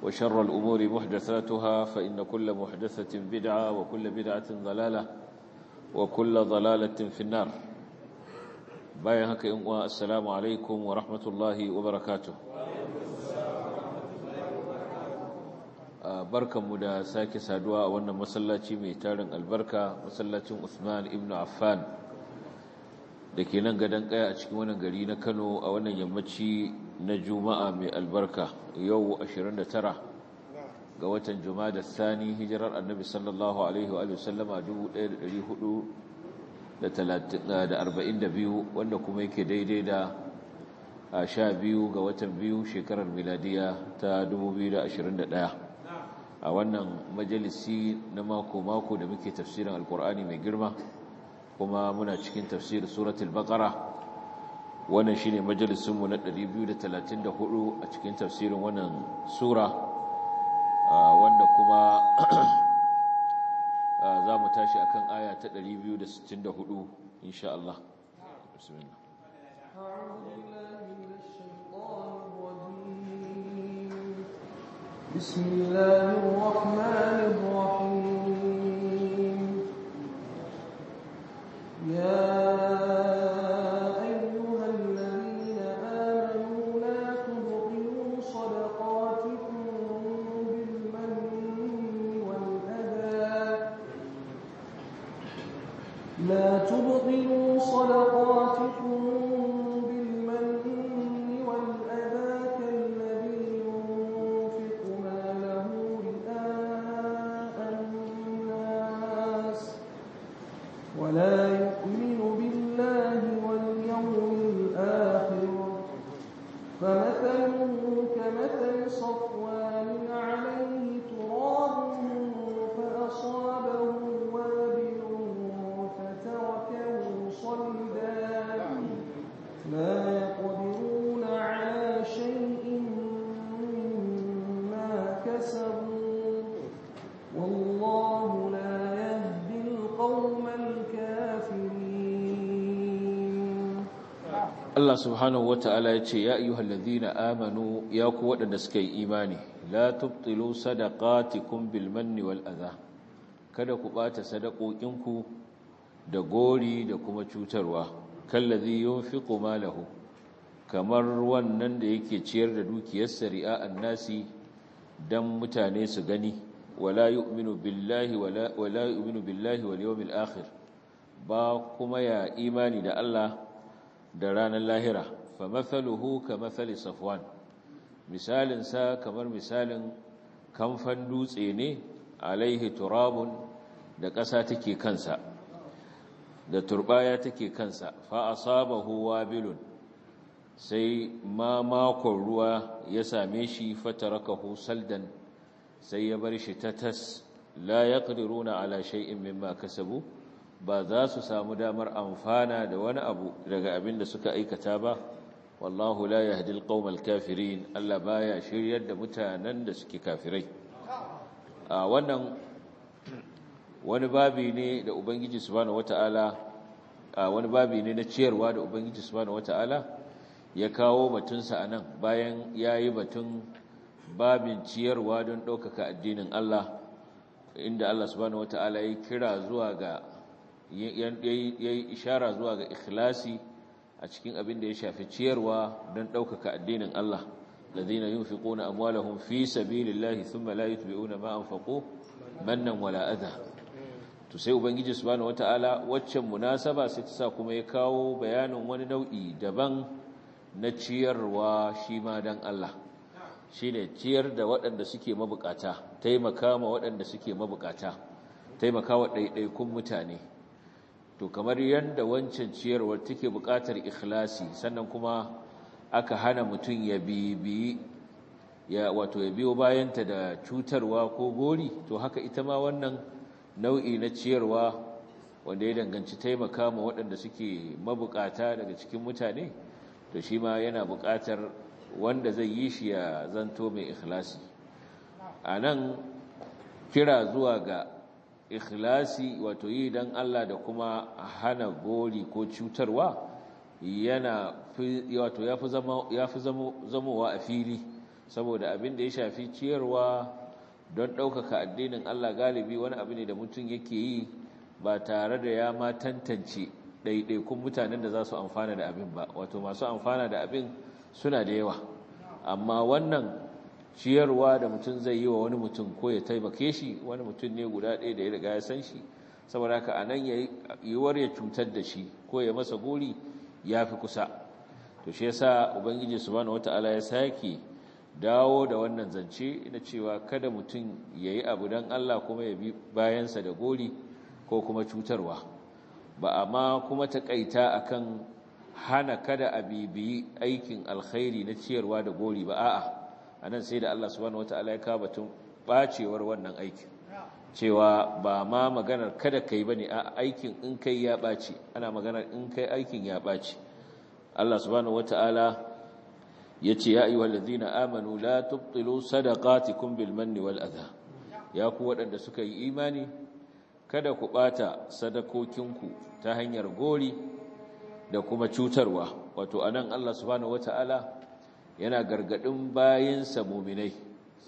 وشر الأمور محدثاتها فإن كل محدثة بدعة وكل بدعة ضلالة وكل ضلالة في النار بايهك إنواء السلام عليكم ورحمة الله وبركاته بركة مدى ساكي سادواء وانا مسلاتي ميتارن البركة مسلاتي عثمان ابن عفان da ke nan gadon kaya a cikin wannan gari na kano a wannan yammaci na juma'a mai albarka yau 29 ga watan juma'a da sani hijirar annabi sallallahu alaihi wa sallama 1442 wanda kuma yake daidai da 12 ga watan biyu shekarar miladiya ta 2021 a wannan majalisi na mako-mako da muke tafsirin alkur'ani mai girma kuma muna cikin tafsirin suratul baqara wannan shi ne majalisunmu na 234 a cikin tafsirin wannan sura ah, wanda kuma ah, za mu tashi a kan aya ta 264 insha Allah بسم الله الرحمن الرحيم subhanahu wata'ala ya ce ya ayyuhal ladhina amanu ya ku waɗanda suka yi imani la tubtilu sadaqatikum bil manni wal adha kada ku bata ku da gori da kuma cutarwa kallazi yunfiqu malahu kamar wannan da yake ciyar da dukiyar ri'a annasi dan mutane su gani wala yu'minu billahi wala wala yu'minu billahi wal yawmil akhir ba kuma ya imani da Allah da ranar lahira fa mathaluhu ka mathali safwan misalin sa kamar misalin kamfan dutse ne alaihi turabun da ƙasa take kansa da turbaya take kansa fa a asabahu wabilun sai ma makon ruwa ya same shi fatarakahu saldan sai ya bar shi ta tas la ƙadiruna ala shay'in mimma kasabu ba za su samu damar amfana da wani abu daga abin da suka aikata ba wallahu la yahdi alqawmal kafirin Allah baya shiryar da mutanen da suke kafirai a wannan wani babi ne da ubangiji subhanahu wataala a wani babi ne na ciyarwa da ubangiji subhanahu wataala ya kawo batunsa anan bayan yayi batun babin ciyarwa don ɗaukaka addinin Allah inda Allah subhanahu wataala ya kira zuwa ga ya yi ishara zuwa ga ikhlasi a cikin abin da ya shafi ciyarwa don ɗaukaka addinin Allah ladina yunfiquna amwalahum fi sabilillahi sun la yutbi'una ma faƙo mannan wala adha to sai ubangiji wata ala, waccan munasaba sai ta sa kuma ya kawo bayanin wani nau'i daban na ciyarwa shi ma don Allah Shi ne ciyar da waɗanda suke mabukata taimaka ma waɗanda suke mabukata taimaka wa ɗaiɗaikun mutane to kamar yadda wancan ciyarwar take buƙatar ikhlasi sannan kuma aka hana mutum ya bibi ya wato ya biyo bayanta da cutarwa ko gori to haka ita ma wannan nau'i na ciyarwa wanda ya danganci taimaka ma waɗanda suke mabukata daga cikin mutane to shi ma yana buƙatar wanda zai yi shi ya zanto mai ikhlasi a nan kira zuwa ga ikhlasi wato yi don Allah da kuma hana gori ko cutarwa yana wato ya fi zamowa a fili saboda abin da ya shafi ciyarwa don ɗaukaka addinin Allah galibi wani abu ne da mutum yake yi ba tare da ya ma tantance ɗaiɗaikun mutanen da za su amfana da abin ba wato masu amfana da abin suna da yawa amma wannan ciyarwa da mutum zai yi wa wani mutum ko ya taimake shi wani mutum ne guda ɗaya da ya riga ya san shi saboda haka a nan yiwuwar ya cutar da shi ko ya masa gori ya fi kusa to shi yasa ubangiji subhanahu wataala ya sake dawo da wannan zance ina cewa kada mutum ya yi abu dan Allah kuma ya bi bayansa da gori ko kuma cutarwa ba amma kuma takaita akan hana kada a bibiyi aikin alkhairi na ciyarwa da gori ba a'a anan sai da Allah subhanahu ya kawo batun bacewar wannan aiki cewa ba ma maganar kada kai bane a aikin in kai ya baci ana maganar in kai aikin ya baci Allah subhanahu wataala yace ya ayyuhal ladzina amanu la tubtilu sadaqatikum bil manni wal adha ya ku waɗanda suka yi imani kada ku ɓata sadakokinku ta hanyar gori da kuma cutarwa wato anan Allah subhanahu yana gargadin bayansa muminai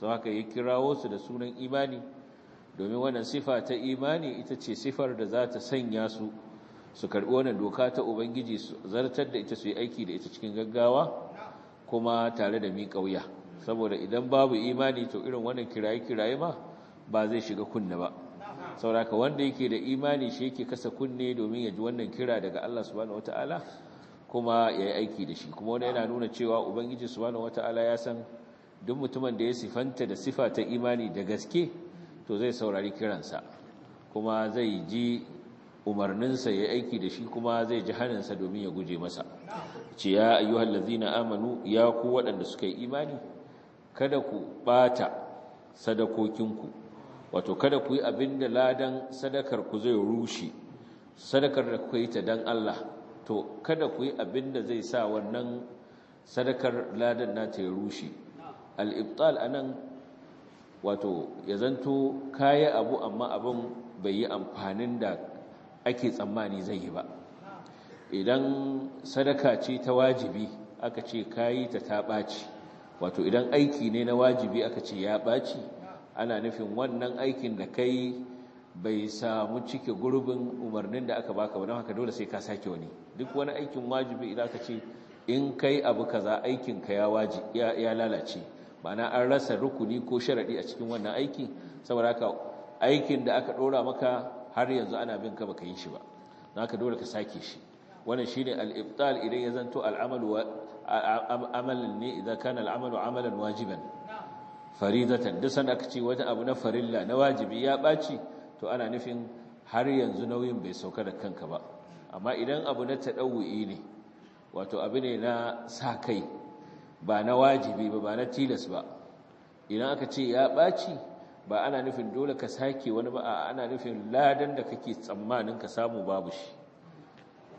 sau haka ya kirawo su da sunan imani domin wannan sifa ta imani ita ce sifar da za ta sanya su su karbi wannan doka ta ubangiji su zartar da ita su yi aiki da ita cikin gaggawa kuma tare da mi ƙauya saboda idan babu imani to irin wannan kiraye-kiraye ma ba zai shiga kunne ba sauraka wanda yake da imani shi yake kasa kunne domin ya ji wannan kira daga Allah subhanahu wataala kuma ya yi aiki da shi kuma wani yana nuna cewa ubangiji su wata ala ya san duk mutumin da ya sifanta da sifa ta imani da gaske to zai saurari kiransa kuma zai ji umarninsa ya aiki da shi kuma zai ji haninsa domin ya guje masa ce ya hallazi na amanu ya ku waɗanda suka yi imani kada ku ɓata sadakokinku wato kada ku yi abin da ladan sadakar ku zai rushe sadakar da kuka yi ta dan Allah to kada ku yi abin da zai sa wannan sadakar ladan na ta rushe al-ibtal anan wato ya zanto kayi abu amma abin bai yi amfanin da ake tsammani zai yi ba idan sadaka ce ta wajibi aka ce kayi ta ta ɓaci wato idan aiki ne na wajibi aka ce ya ɓaci ana nufin wannan aikin da kai bai samu cike gurbin umarnin da aka baka ba don haka dole sai ka sake wani duk wani aikin wajibi idan ka ce in kai abu kaza aikin ka ya waji ya lalace mana an rasa rukuni ko sharadi a cikin wannan aiki saboda haka aikin da aka dora maka har yanzu ana bin ka baka yi shi ba naka dole ka sake shi wannan shine al-ibtal idan ya zanto al-amalu amalan ne idan kana al-amalu amalan wajiban faridatan duk sanda aka ce wata abu na farilla na wajibi ya baci to ana nufin har yanzu nauyin bai sauka da kanka ba amma idan abu na taɗawu'i ne wato abu ne na sa kai ba na wajibi ba ba na tilas ba idan aka ce ya ɓaci ba ana nufin dole ka sake wani ba a ana nufin ladan da kake tsammanin ka samu babu shi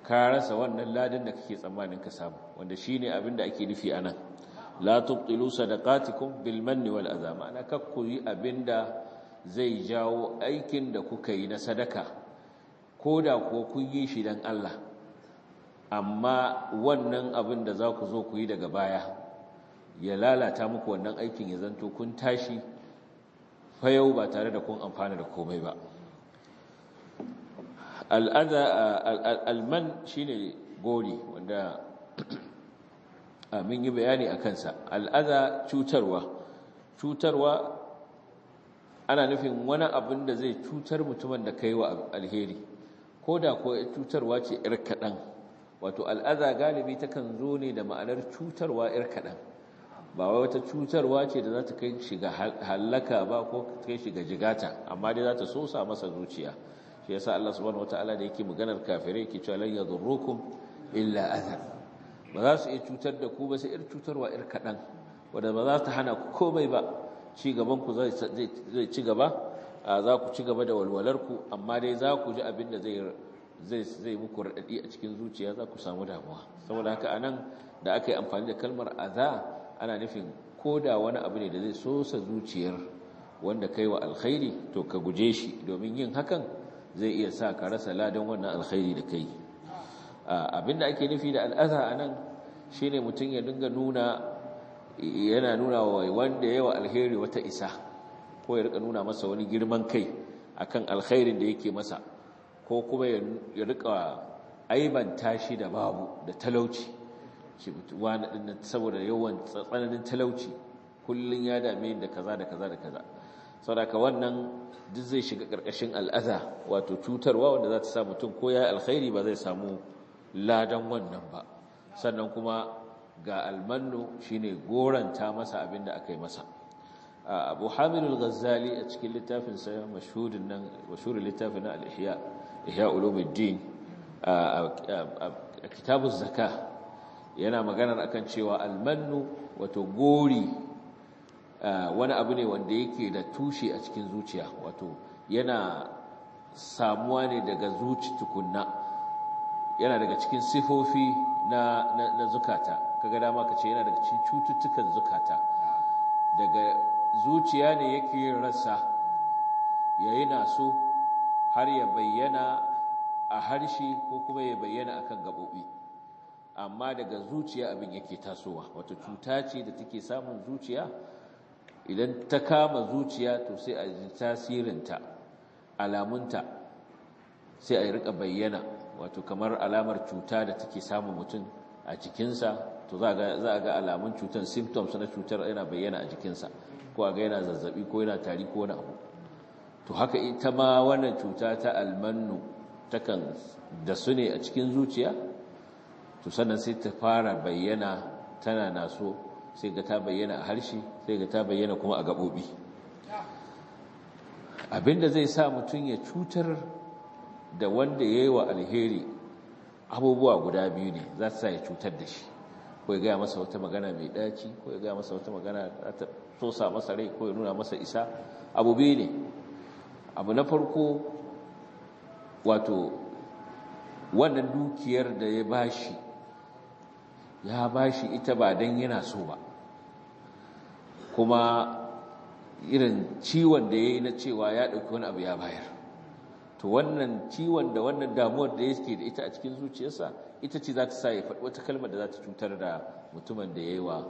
ka rasa wannan ladan da kake tsammanin ka samu wanda shi ne abin da ake nufi anan la tubtilu sadaqatikum bil manni wal azama ana abin da zai jawo aikin da kuka yi na sadaka ko da kuwa kun yi shi don Allah amma wannan abin da za ku zo ku yi daga baya ya lalata muku wannan aikin ya zanto kun tashi fayau ba tare da kun amfana da komai ba alman shi ne gori wanda mun yi bayani a kansa al'aza cutarwa cutarwa ana nufin wani abin da zai cutar mutumin da ka yi wa alheri ko da ko cutarwa ce ‘yar kaɗan wato al'aza galibi takan zo ne da ma'anar cutarwa ‘yar kaɗan ba wai wata cutarwa ce da za ta kai shiga hallaka ba ko kai shiga jigata amma dai za ta sosa masa zuciya shi yasa Allah subhanahu wataala da yake maganar kafire yake cewa lan yadurrukum illa adha ba za su iya cutar da ku ba sai ir cutarwa ir kadan wanda ba za ta hana ku komai ba ci gaban ku zai ci gaba za ku ci gaba da walwalarku amma dai za ku ji abin da zai muku raɗaɗi a cikin zuciya za ku samu damuwa saboda haka a nan da aka yi amfani da kalmar aza ana nufin ko da wani abu ne da zai sosa zuciyar wanda kai wa alkhairi to ka guje shi domin yin hakan zai iya sa ka rasa ladan wannan alkhairi da kai abin da ake nufi da al'aza a nan shi ne mutum ya dinga nuna yana nuna wa wanda yawa alheri wata isa ko ya rika nuna masa wani girman kai akan alkhairin da yake masa ko kuma ya rika aiban shi da babu da talauci shi wani dinnan saboda yawan tsananin talauci kullum ya dame da kaza da kaza da kaza wannan duk zai shiga ƙarƙashin al'aza wato cutarwa wanda za ta sa mutum ko ya alkhairi ba zai samu ladan wannan ba sannan kuma ga almannu shine goranta masa abin da aka yi masa abu hamid al a cikin littafin sa mashhurin nan mashhurin littafin na al-ihya ulumuddin a kitabun zakah yana maganar akan cewa almannu wato gori wani abu ne wanda yake da tushe a cikin zuciya wato yana samuwa ne daga zuci tukunna yana daga cikin sifofi na, na zukata kaga dama ka ce yana daga cikin cututtukan zukata daga zuciya ne yake rasa rassa so har ya bayyana a harshe ko kuma ya bayyana akan gabobi amma daga zuciya abin yake tasowa Wato cuta ce da take samun zuciya idan ta kama zuciya to sai a ji tasirinta alamunta sai a rika bayyana wato kamar alamar cuta da take samun mutum a jikinsa to za a ga alamun cutar symptoms na cutar yana bayyana a jikinsa ko a ga yana zazzabi ko yana tari ko wani abu to haka ita ma wannan cuta ta almannu takan da su ne a cikin zuciya to sannan sai ta fara bayyana tana naso sai ga ta bayyana a harshe sai ga ta bayyana kuma a gabobi abinda zai sa mutum ya cutar da wanda ya yi wa alheri abubuwa guda biyu ne za su sa ya cutar da shi ko ya gaya masa wata magana mai daci ko ya gaya masa wata magana ta tosa masa rai ko ya nuna masa isa abu biyu ne abu na farko wato wannan dukiyar da ya bashi ya bashi ita ba don yana so ba kuma irin ciwon da ya yi na cewa ya ɗauki wani abu ya bayar to wannan ciwon da wannan damuwar da yake da ita a cikin zuciyarsa ita ce za ta sa ya faɗi wata kalmar da za ta cutar da mutumin da ya yi wa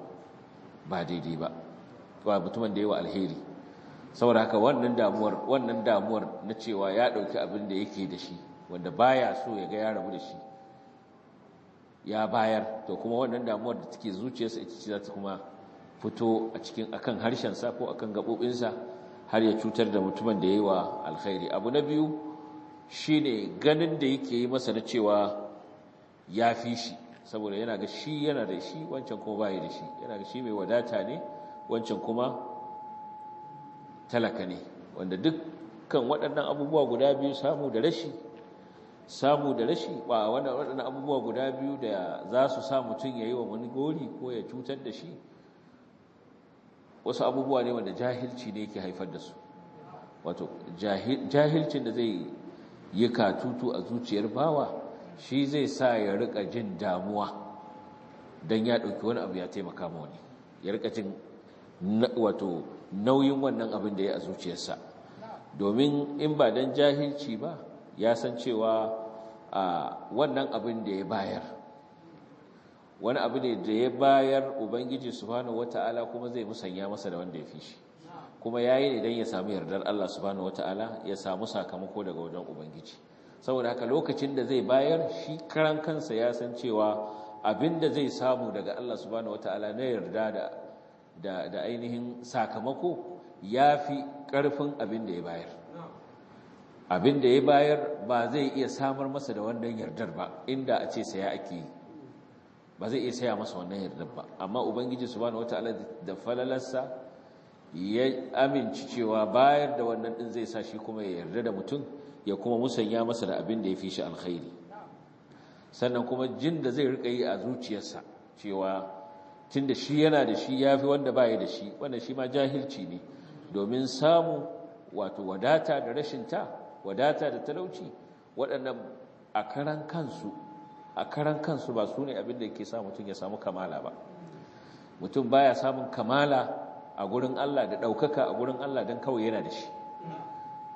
ba daidai ba wa mutumin da ya yi wa alheri saboda haka wannan damuwar wannan damuwar na cewa ya ɗauki abin da yake da shi wanda baya so ya ga ya rabu da shi ya bayar to kuma wannan damuwar da take zuciyarsa ita ce za ta kuma fito a cikin akan harshensa ko akan gaɓoɓinsa har ya cutar da mutumin da ya yi wa alkhairi abu na biyu shi ne ganin da yake yi masa na cewa ya fi shi saboda yana ga shi yana da shi wancan kuma baya da shi yana ga shi mai wadata ne wancan kuma talaka ne wanda dukkan waɗannan abubuwa guda biyu samu da rashi samu da rashi ba waɗannan abubuwa guda biyu da za su sa mutum ya yi wa wani gori ko ya cutar da shi wasu abubuwa ne wanda jahilci ne yake haifar da su wato jahilcin da zai yi katutu a zuciyar bawa shi zai sa ya rika jin damuwa don ya ɗauki wani abu ya taimaka ma wani ya rika jin wato nauyin wannan abin da ya a zuciyarsa domin in ba don jahilci ba ya san cewa wannan abin da ya bayar wani abu ne da ya bayar ubangiji subhanahu wata'ala kuma zai musanya masa da wanda ya fi shi kuma yayi ne idan ya samu yardar Allah subhanahu wataala ya samu sakamako daga wajen ubangiji saboda haka lokacin da zai bayar shi karan kansa ya san cewa abinda zai samu daga Allah subhanahu wataala na yarda da da, ainihin sakamako yafi karfin abin da ya bayar Abinda ya bayar ba zai iya samar masa da wannan yardar ba inda a ce saya ake yi ba zai iya saya masa wannan yardar ba amma ubangiji subhanahu wataala da falalarsa ya amince cewa bayar da wannan din zai sa shi kuma ya yarda da mutum ya kuma musanya masa da abin da ya fi shi alkhairi sannan kuma jin da zai rika yi a zuciyarsa cewa tun da shi yana da shi ya fi wanda baya da shi wanda shi ma jahilci ne domin samu wato wadata da rashin ta wadata da talauci waɗannan a karan kansu a karan kansu ba su ne abin da ke sa mutum ya samu kamala ba mutum baya samun kamala a gurin Allah da ɗaukaka a gurin Allah don kawai yana da shi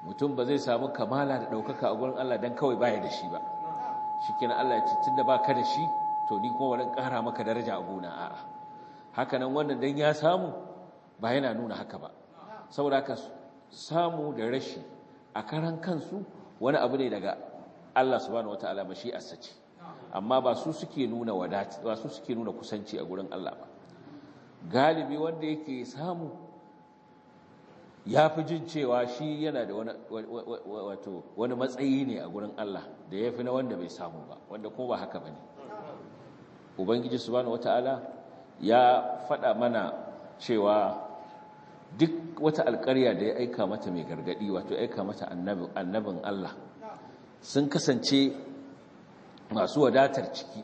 mutum ba zai samu kamala da ɗaukaka a gurin Allah don kawai baya da shi ba shi kina Allah ya ce tun da ba ka da shi to ni kuma wani kara maka daraja a gona a hakanan wannan don ya samu ba yana nuna haka ba saboda ka samu da rashi a karan kansu wani abu ne daga Allah subhanahu wataala alama shi asaci amma ba su suke nuna ba su suke nuna kusanci a gurin Allah ba galibi wanda yake samu ya fi jin cewa shi yana da wani matsayi ne a gurin Allah da ya fi na wanda bai samu ba wanda kuma ba haka ba ne ubangiji bani wata'ala ya faɗa mana cewa duk wata alƙarya da ya aika mata mai gargadi wato aika mata annabin Allah sun kasance masu wadatar ciki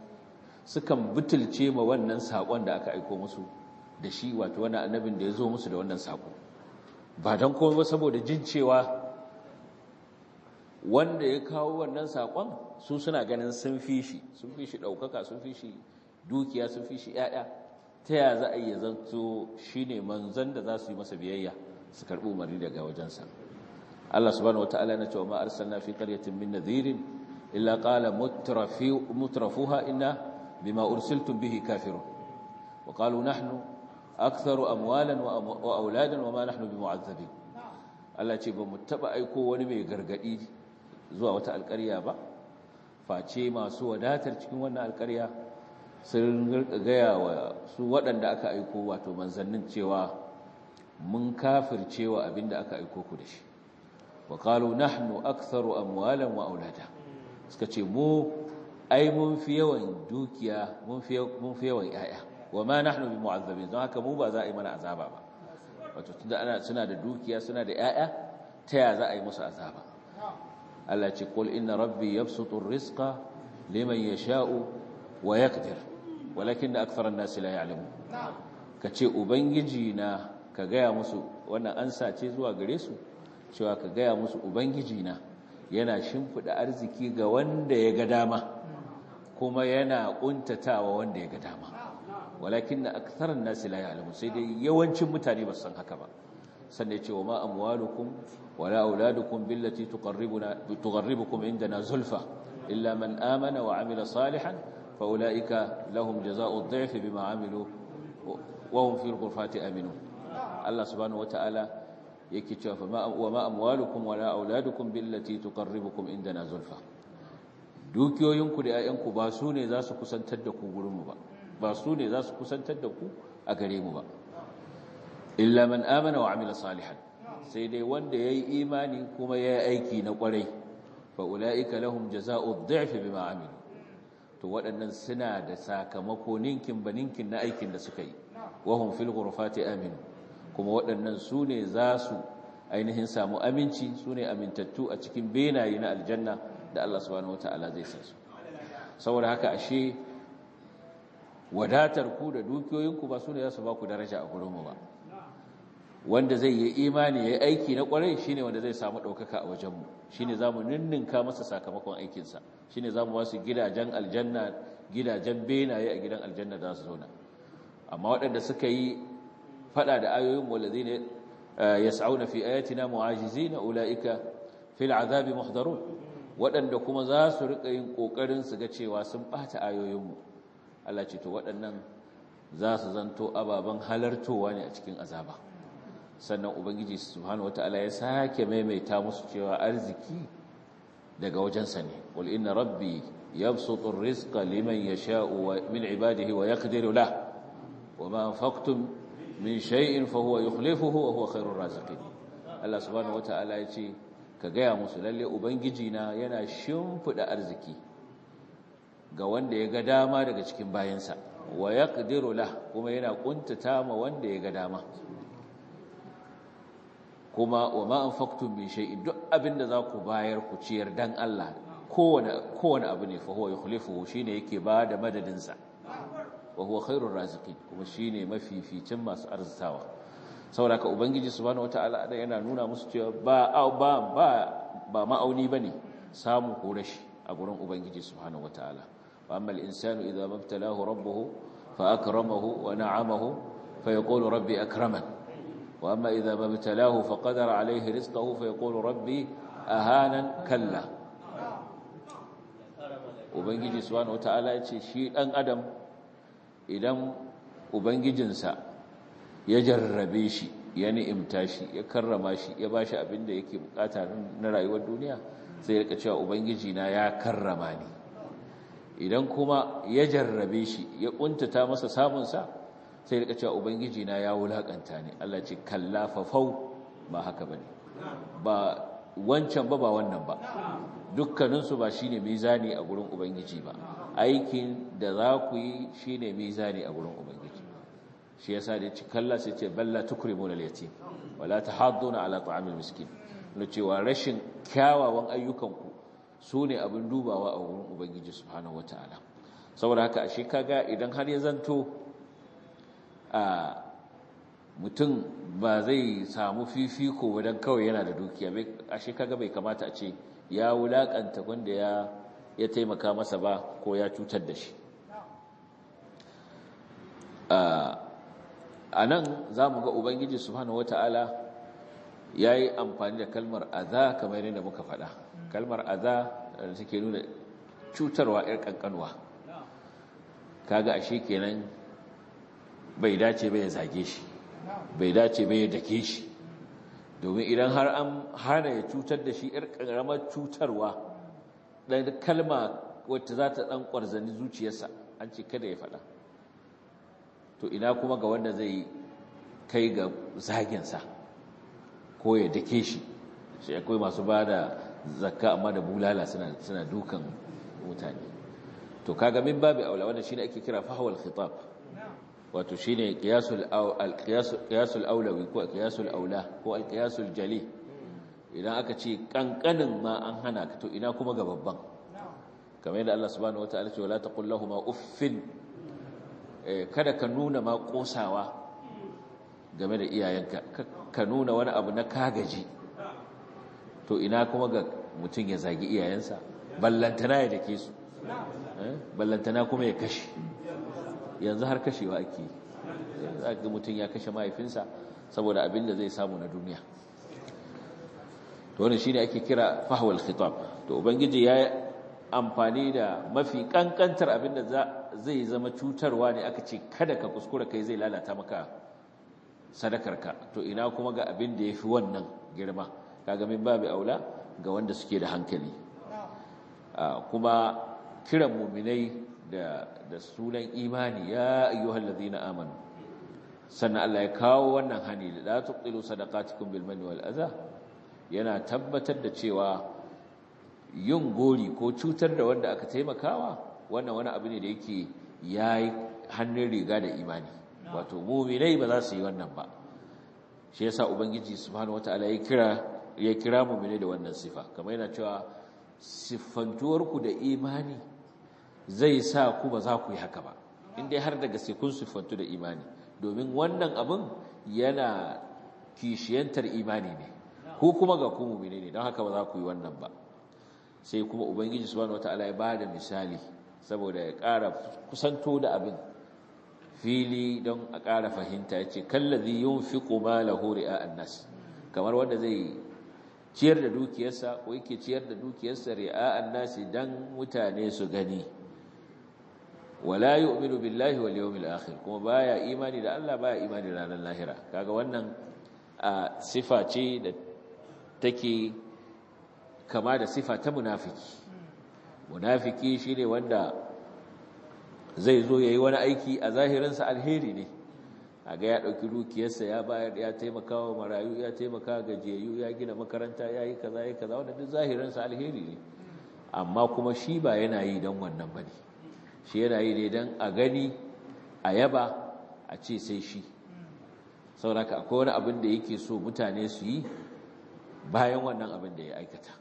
sukan butulce ma wannan saƙon da aka aiko musu da shi wato wani annabin da ya zo musu da wannan sako ba don komai ba saboda jin cewa wanda ya kawo wannan sakon su suna ganin sun fi shi sun fi shi ɗaukaka sun fi shi dukiya sun fi shi ‘ya'ya ta ya za a iya zanto shi ne manzan da za su yi masa biyayya su karɓi umarni daga wajensa Allah subhanahu wata'ala na cewa ma’ar sannan fi qaryatin min nazirin illa kala mutrafuha inna bima ursiltum bihi kafiru. wa na nahnu أكثر أموالا wa وما wa ma Allah ce ba mu taɓa aiko wani mai gargadi zuwa wata alƙarya ba face masu wadatar cikin wannan alƙarya sun gaya wa su waɗanda aka aiko wato manzannin cewa mun kafircewa abinda aka aiko ku da shi wa qalu nahnu aktharu amwalan wa aulada suka ce mu ai mun fi yawan dukiya mun fi yawan 'ya'ya wa ma nahnu bi mu'azzabin don haka mu ba za a yi mana azaba ba wato tunda ana suna da dukiya suna da 'ya'ya? ta ya za a yi musu azaba Allah ce qul inna rabbi yabsutu ar-rizqa liman yasha'u wa yaqdir walakin akthara an-nasi la ya'lamun ce ubangiji na ka gaya musu wannan an ce zuwa gare su cewa ka gaya musu ubangiji na yana shimfida arziki ga wanda ya ga dama kuma yana ƙuntatawa wanda ya ga dama walakin na aktharan nasi la ya'lamu sai dai yawancin mutane ba san haka ba sannan ce wa ma amwalukum wala auladukum billati tuqarribuna tuqarribukum indana zulfa illa man amana wa amila salihan fa ulaika lahum jazaa'u dhifi bima amilu wa hum fil ghurfati aminun Allah subhanahu wataala yake cewa fa wa ma amwalukum wala auladukum billati tuqarribukum indana zulfa dukiyoyinku da 'ya'yanku ba su ne za su kusantar da ku gurinmu ba ba su ne za su kusantar da ku a gare mu ba illa man amana wa amila salihan sai dai wanda yayi imani kuma yayi aiki na kwarai fa ulaika lahum jazaa'u dhi'fi bima amilu to waɗannan suna da sakamako ninkin baninkin na aikin da suka yi wahum fil ghurfati aminu kuma waɗannan su ne za su ainihin samu aminci su ne amintattu a cikin benaye na aljanna da Allah subhanahu wataala zai sa su saboda haka ashe wadatar ku da dukiyoyinku ba su ne za su ba ku daraja a gurinmu ba wanda zai yi imani ya yi aiki na kwarai shine wanda zai samu ɗaukaka a wajenmu ne za mu ninninka masa sakamakon aikinsa shine za mu wasu gidajen aljanna gidajen benaye a gidan aljanna za su zauna amma waɗanda suka yi faɗa da ayoyin walazi ne eh, ya sa'una fi ayatina mu'ajizi na ula'ika fil azabi muhdarun waɗanda kuma za su riƙa yin ƙoƙarin su ga cewa sun ɓata ayoyinmu Allah ce to waɗannan za su zanto ababen halartowa ne a cikin azaba sannan ubangiji subhanahu wataala ya sake maimaita musu cewa arziki daga wajensa ne qul inna rabbi yabsutu ar-rizqa liman yasha'u min ibadihi wa yaqdiru lahu وما أنفقتم من شيء فهو يخلفه وهو خير الرازقين Allah subhanahu wataala ya ce ka gaya musu lalle ubangiji na yana shimfida arziki ga wanda ya ga dama daga cikin bayansa wa yaqdiru lah kuma yana kuntata ma wanda ya ga dama kuma wa ma anfaqtum min shay'in duk abinda za ku bayar ku ciyar dan Allah kowane kowane abu ne fa huwa yukhlifuhu shine yake ba da madadin sa wa huwa khairur raziqin kuma shine mafificin masu arzikawa saboda ka ubangiji subhanahu wataala yana nuna musu cewa ba ba ba ma'auni bane samu ko a gurin ubangiji subhanahu wataala فأما الإنسان إذا ما ابتلاه ربه فأكرمه ونعمه فيقول ربي أكرمن وأما إذا ما ابتلاه فقدر عليه رزقه فيقول ربي أهانا كلا Ubangiji subhanahu wataala ya ce shi ɗan adam idan ubangijinsa ya jarrabe shi ya ni'imta shi ya karrama shi ya bashi abin da yake bukata na rayuwar duniya sai ya rika cewa ubangiji na ya karrama ni idan kuma ya jarrabe shi ya kuntata masa samunsa sai rika cewa ubangiji na ya wulakanta ne Allah ce kallafafau ba haka bane ba wancan ba ba wannan ba dukkaninsu ba shine mizani a gurin ubangiji ba aikin da za ku yi shine mizani a gurin ubangiji shi yasa da ci kalla sai ce balla tukrimuna al-yatim wala tahadduna ala ta'amil miskin Na cewa rashin kyawawan ayyukanku su ne abin dubawa a wurin ubangiji subhanahu wataala saboda haka a shekaga idan har ya zanto a mutum ba zai samu fifiko wadan kawai yana da dukiya a kaga bai kamata a ce ya wulaƙanta wanda ya ya taimaka masa ba ko ya cutar da shi a nan za mu ga ubangiji subhanahu wataala ya yi amfani da kalmar aza kamar yadda muka faɗa kalmar aza da eh, suke nuna cutarwa 'yar ƙanƙanwa kaga ashe kenan bai dace bai ya zage shi bai dace bai ya dake shi domin idan har an hana ya cutar da shi 'yar ƙanramar cutarwa ɗan kalma wacce za ta ɗan ƙwarzani zuciyarsa an ce kada ya faɗa to ina kuma ga wanda zai kai ga zagensa ko ya dake shi sai akwai masu ba da zakka amma da bulala suna dukan mutane to kaga min babu aula wannan shine ake kira fahwal khitab wato shine qiyasul aulawi ko qiyasul aula ko jali idan aka ce kankanin ma an hana ka to ina kuma ga babban kamar yadda Allah subhanahu wataala ce wala taqul lahum uffin eh, kada ka nuna ma kosawa game da iyayenka ka nuna wani abu na kagaji to ina kuma ga mutum ya zagi iyayensa ballantana ya dake su eh? ballantana kuma ya kashe yanzu har kashewa ake yanzu ga mutum ya kashe mahaifinsa saboda abin da zai samu na duniya to wani shi ne ake kira fahwal khitab to ubangiji ya yi amfani da mafi kankantar abin da zai zama cutarwa ne aka ce kada ka kuskura kai zai lalata maka sadakarka to ina kuma ga abin da fi wannan girma kaga min babu aula ga wanda suke da hankali kuma kiran muminai da da sunan imani ya na amanu sannan Allah ya kawo wannan hani da ta tuqilu sadaqatikum bil manni wal adha yana tabbatar da cewa yin gori ko cutar da wanda aka taimakawa wannan wani abu ne da yake yayi hannun riga da imani wato mu'minai ba za su yi wannan ba shi yasa ubangiji subhanahu wataala ya kira ya kira mu'minai da wannan sifa kamar yana cewa ku da imani zai sa ku ba za ku yi haka ba in dai har daga sai kun siffantu da imani domin wannan abin yana kishiyantar imani ne ko kuma ga ku muminai ne don haka ba za ku yi wannan ba sai kuma ubangiji subhanahu wataala ya bada misali saboda ya ƙara kusanto da abin fili don a ƙara fahimta ya ce kallazi yun fi kuma lahori a annas kamar wanda zai ciyar da dukiyarsa ko yake ciyar da dukiyarsa ri'a annasi don mutane su gani wala yu'minu billahi wal yawmil akhir kuma baya imani da Allah baya imani da ranar lahira kaga wannan sifa ce da take kama da sifa ta munafiki munafiki shine wanda zai zo ya yi wani aiki a zahirinsa alheri ne a ga ya ɗauki dukiyarsa ya bayar ya taimaka wa marayu ya taimaka gajiyayyu ya gina makaranta ya yi kaza ya kaza wanda duk zahirinsa alheri ne amma kuma shi ba yana yi don wannan ba ne shi yana yi ne don a gani a yaba a ce sai shi sauraka akwai wani abin da yake so mutane su yi bayan wannan abin da ya aikata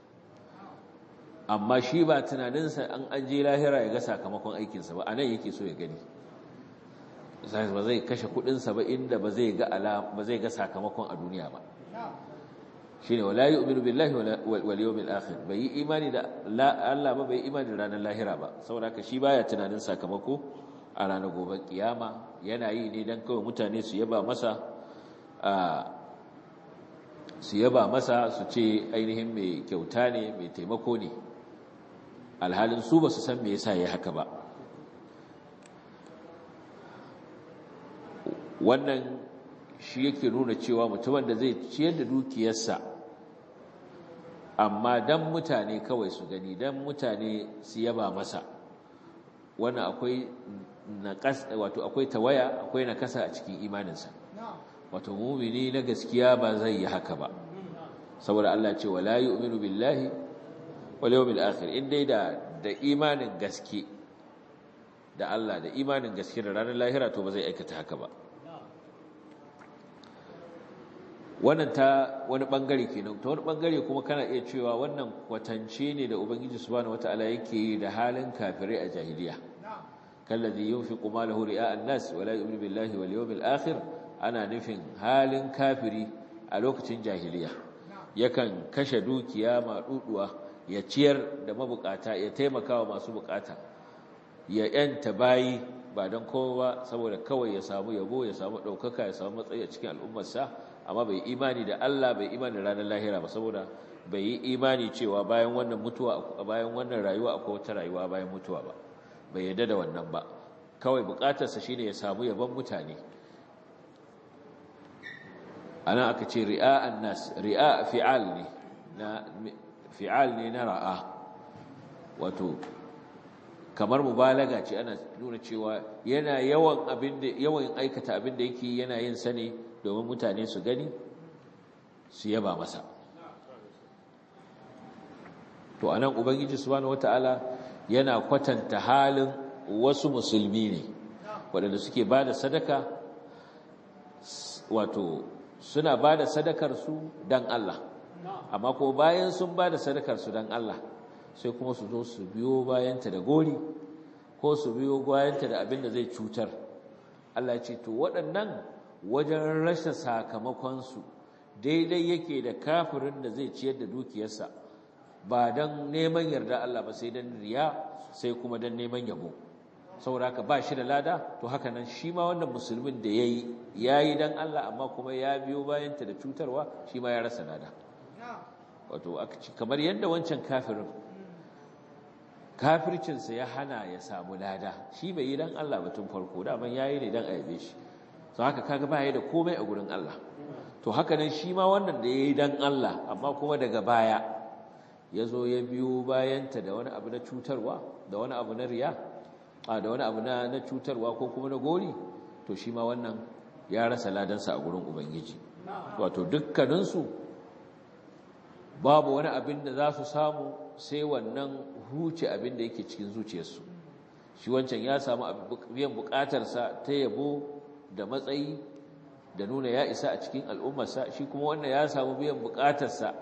amma shi ba tunaninsa an an je lahira ya ga sakamakon aikinsa ba anan yake so ya gani ba zai kashe kudinsa ba inda ba zai ga ba zai ga sakamakon a duniya ba shine wala yu'minu billahi wal yawmil akhir bai imani da Allah ba bai imani ranar lahira ba saboda haka shi baya tunanin sakamako a ranar gobe kiyama yana yi ne dan kawai mutane su yaba masa su yaba masa su ce ainihin mai kyauta ne mai taimako ne alhalin su ba su san me yasa ya haka ba wannan shi yake nuna cewa mutumin da zai ciyar da dukiyarsa amma dan mutane kawai su gani dan mutane su yaba masa wannan akwai wato akwai tawaya akwai nakasa a cikin imaninsa wato mumini na gaskiya ba zai yi haka ba saboda Allah ce wala yu'minu billahi wal akhir in dai da da imanin gaske da Allah da imanin gaske da ranar lahira to ba zai aikata haka ba wannan ta wani bangare kenan ta wani bangare kuma kana iya cewa wannan kwatance ne da ubangiji subhanahu wataala yake yi da halin kafirai a jahiliya kallazi yunfiqu malahu ri'a'an nas wa la yu'minu billahi wal yawmil akhir ana nufin halin kafiri a lokacin jahiliya yakan kashe dukiya maɗuɗuwa ya ciyar da mabukata ya taimaka wa masu bukata ya yanta bayi ba don kowa ba saboda kawai ya samu yabo ya samu ɗaukaka ya samu matsayi a cikin al'ummarsa amma bai imani da Allah bai imani da ranar lahira ba saboda bai yi imani cewa bayan wannan mutuwa bayan wannan rayuwa akwai wata rayuwa bayan mutuwa ba bai yarda da wannan ba kawai bukatarsa shine ya samu yabon mutane ana aka ce ri'a annas ri'a fi'al ne fi'al ne na ra'a wato kamar mubalaga ce ana nuna cewa yana yawan abin da yawan aikata abin da yake yana yin sani ne domin mutane su gani su yaba masa to anan ubangiji subhanahu wataala yana kwatanta halin wasu musulmi ne wadanda suke bada sadaka wato suna bada sadakar su dan Allah amma ko bayan sun ba da sadakar su dan Allah sai kuma su zo su biyo bayanta da gori ko su biyo bayanta da abin da zai cutar Allah ce to waɗannan wajen rasa sakamakon su daidai yake da kafirin da zai ciyar da dukiyarsa ba don neman yarda Allah ba sai don riya sai kuma don neman yabo saboda haka ba shi da lada to haka nan shi ma wannan musulmin da ya yi dan Allah amma kuma ya biyo bayanta da cutarwa shi ma ya rasa lada wato kamar yadda wancan kafirin kafircinsa ya hana ya samu lada shi bai yi dan Allah batun farko da daman yayi ne dan aibe shi to haka kaga baya da komai a gurin Allah to haka nan shi ma wannan da ya yi dan Allah amma kuma daga baya ya zo ya biyo bayanta da wani abu na cutarwa da wani abu na riya da wani abu na cutarwa ko kuma na gori to shi ma wannan ya rasa ladansa a gurin ubangiji wato dukkaninsu babu wani abin da za su samu sai wannan huce abin da yake cikin zuciyarsu shi wancan ya samu biyan bukatarsa ta yabo da matsayi da nuna ya isa a cikin al'ummarsa shi kuma wannan ya samu biyan bukatarsa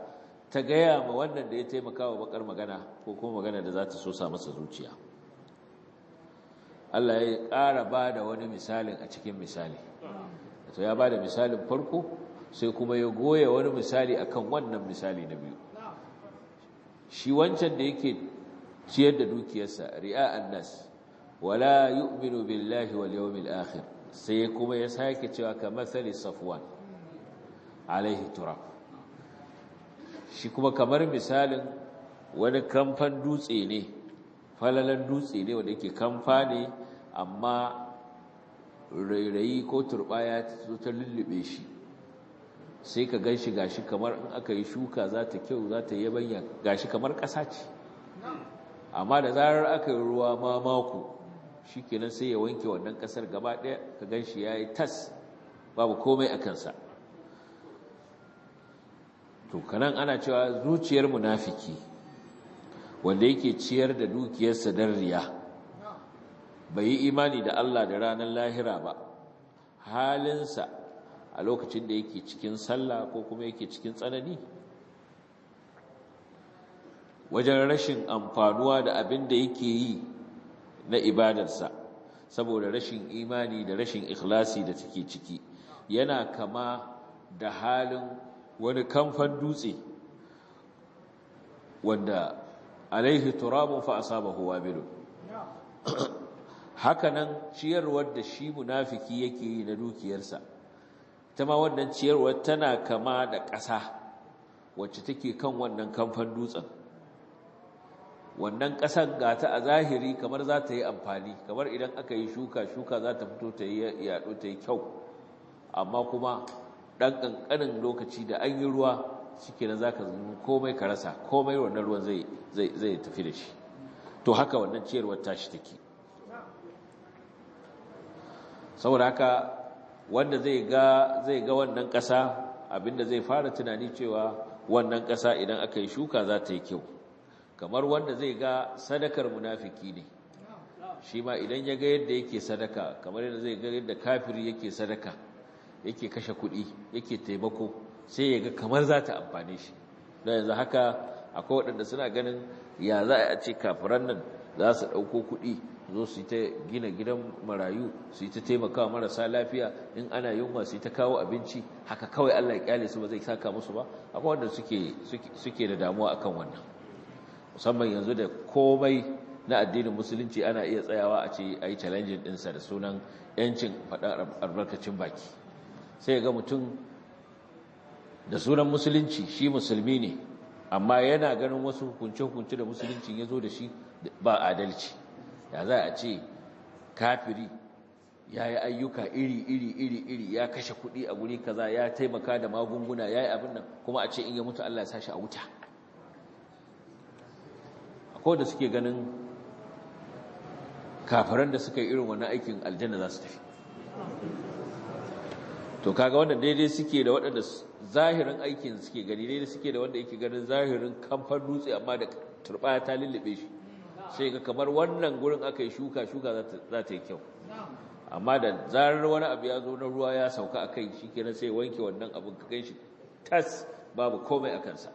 ta gaya ma wannan da ya taimaka wa bakar magana ko kuma magana da za ta so sa masa zuciya Allah ya ƙara ba da wani misalin a cikin misali to ya ba da misalin farko sai kuma ya goya wani misali akan wannan misali na biyu shi wancan da yake ciyar da dukiyarsa ri'a'an nas wala yu'minu billahi wal yawmil akhir sai kuma ya sake cewa ka sali safwan alaihi turab shi kuma kamar misalin wani kamfan dutse ne falalan dutse ne wanda yake kamfa ne amma rairayi ko turba ya zo ta lullube shi sai ka gan shi gashi kamar in aka yi shuka za ta kyau za ta yabanya gashi kamar ƙasa ce amma da zarar aka yi ruwa ma mako shi kenan sai ya wanke wannan ƙasar gaba ɗaya ka gan shi ya yi tas babu komai a kansa to kanan ana cewa zuciyar munafiki wanda yake ciyar da dukiyarsa don riya bai yi imani da Allah da ranar lahira ba halinsa a lokacin da yake cikin sallah ko kuma yake cikin tsanani wajen rashin amfanuwa da abin da yake yi na ibadarsa saboda rashin imani da rashin ikhlasi da take ciki yana kama da halin wani kamfan dutse wanda alaihi turabu fa asabahu Haka nan, ciyarwar da shi munafiki yake yi na dukiyarsa Tama wannan ciyarwar tana kama da ƙasa wacce take kan wannan kamfan dutsen wannan ƙasan ga ta a zahiri kamar za ta yi amfani kamar idan aka yi shuka shuka za ta fito ta yi yaɗo ta yi kyau amma kuma ɗan ƙanƙanin lokaci da an yi ruwa shike nan ka zama komai ka rasa komai wannan ruwan zai zai tafi da shi to haka wannan ciyarwar tashi take saboda haka wanda zai ga zai ga wannan ƙasa abinda zai fara tunani cewa wannan ƙasa idan aka yi shuka za ta yi kyau kamar wanda zai ga sadakar munafiki ne shi ma idan ya ga yadda yake sadaka kamar yadda zai ga yadda kafiri yake sadaka yake kashe kuɗi yake taimako sai ya ga kamar za ta amfane shi don yanzu haka akwai waɗanda suna ganin ya za a ce kafiran nan za su ɗauko kuɗi zo su ta gina gidan marayu su ta taimakawa marasa lafiya in ana yunwa su ta kawo abinci haka kawai Allah ya kyale su ba zai saka musu ba akwai wanda suke suke da damuwa akan wannan musamman yanzu da komai na addinin musulunci ana iya tsayawa a ce a challenging din sa da sunan yancin faɗan albarkacin baki sai ga mutum da sunan musulunci shi musulmi ne amma yana ganin wasu hukunce-hukunce da musulunci ya zo da shi ba adalci Ya za a ce kafiri ya yi ayyuka iri iri iri iri ya kashe kuɗi a guri kaza ya taimaka da magunguna ya yi abin nan kuma a ce in ya mutu Allah ya sa shi a wuta A da suke ganin kafiran da suka yi irin wani aikin aljanna za su tafi to kaga wanda daidai suke da waɗanda zahirin aikin suke gani daidai suke da wanda yake ganin zahirin kamfan dutse amma da turɓaya ta lullube shi sai ga kamar wannan gurin aka yi shuka shuka za ta yi kyau amma da zarar wani abu ya zo na ruwa ya sauka a kai shi kenan sai wanke wannan abin ka kai shi tas babu komai a kansa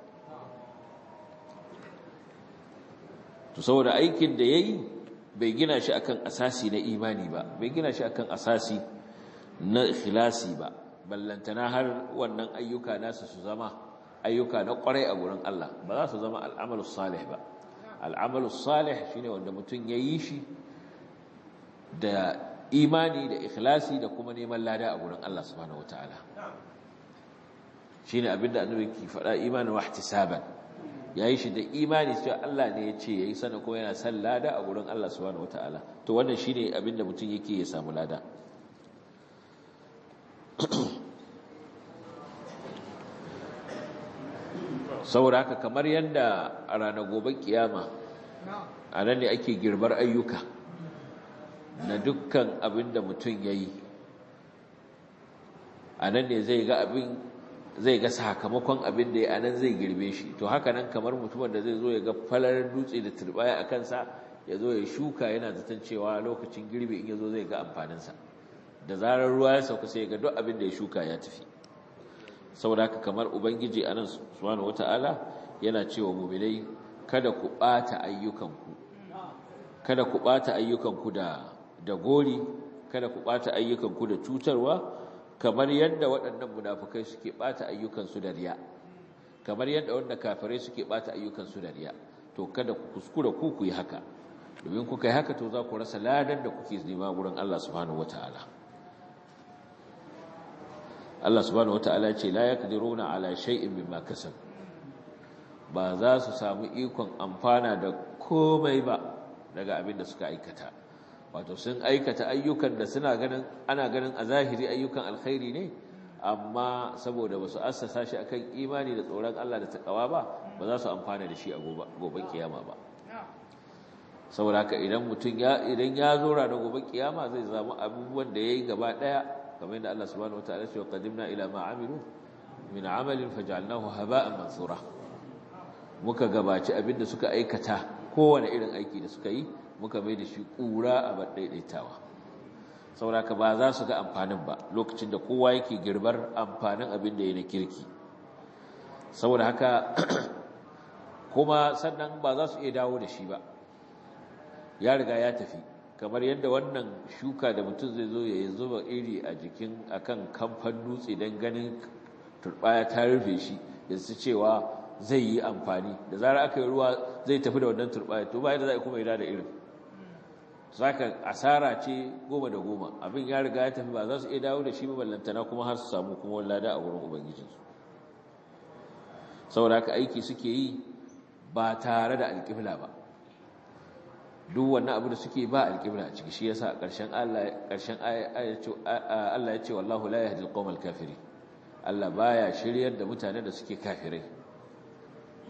to saboda aikin da ya yi bai gina shi akan asasi na imani ba bai gina shi akan asasi na ikhlasi ba ballantana har wannan ayyuka nasu su zama ayyuka na kwarai a gurin Allah ba za su zama al'amalu salih ba al'amalu salih shine wanda mutum ya yi shi da imani da ikhlasi da kuma neman lada a gurin Allah subhanahu wataala shine abinda annabi ke faɗa imanin ya yayi shi da imani cewa Allah ne ya ce yayi sana kuma yana san lada a wurin Allah subhanahu wataala to wannan shine abinda mutum yake ya samu lada saboda haka kamar yadda a ranar gobe kiyama a nan ne ake girbar ayyuka na dukkan abin da mutum ya yi a nan ne zai ga sakamakon abin da ya a nan zai girbe shi to haka nan kamar mutumin da zai zo ya ga falar dutse da turbaya a kansa ya zo ya shuka yana zaton cewa lokacin girbi in ya zo zai ga amfaninsa da zarar ruwa ya sauka sai ya ga duk abin da ya shuka ya tafi saboda kamar ubangiji anan subhanahu wataala yana cewa mu'minai kada ku bata ayyukanku kada ku bata ayyukanku da da gori kada ku bata ayyukanku da cutarwa kamar yadda waɗannan munafukai suke bata ayyukansu da riya kamar yadda wanda kafirai suke bata ayyukansu da riya to kada ku kuskura ku ku yi haka domin kuka kai haka to za ku rasa ladan da kuke nema gurin Allah subhanahu wataala Allah subhanahu wataala ce la yaqdiruna ala shay'in mimma kasab ba za su samu ikon amfana da komai ba daga abin da suka aikata wato sun aikata ayyukan da suna ganin ana ganin a zahiri ayyukan alkhairi ne amma saboda ba su assasa shi akan imani da tsoron Allah da takawa ba ba za su amfana da shi a gobe kiyama ba saboda haka idan mutum ya idan ya zo ranar gobe kiyama zai zama abubuwan da yayi gaba daya kamar yadda Allah subhanahu wataala ce wa qadimna ila ma amilu min amalin faj'alnahu haba'an mansura muka gabaci abin da suka aikata kowane irin aiki da suka yi muka mai da shi kura a baddaidaitawa sauraka ba za su ga amfanin ba lokacin da kowa yake girbar amfanin abin da ya na kirki saboda haka kuma sannan ba za su iya dawo da shi ba ya riga ya tafi kamar yadda wannan shuka da mutum zai zo ya zuba iri a jikin akan kamfan dutse don ganin turbaya ta rufe shi da su cewa zai yi amfani da zarar aka yi ruwa zai tafi da wannan turbaya to bayan da za a kuma yi da irin asara ce goma da goma abin ya riga ya tafi ba za su iya dawo da shi ballantana kuma har su samu kuma lada a wurin ubangijinsu saboda aka aiki suke yi ba tare da alƙibla ba duk wannan abu da suke ba alƙibla a ciki shi yasa ƙarshen Allah Allah ya ce wallahu la yahdi al kafiri Allah baya shiryar da mutanen da suke kafirai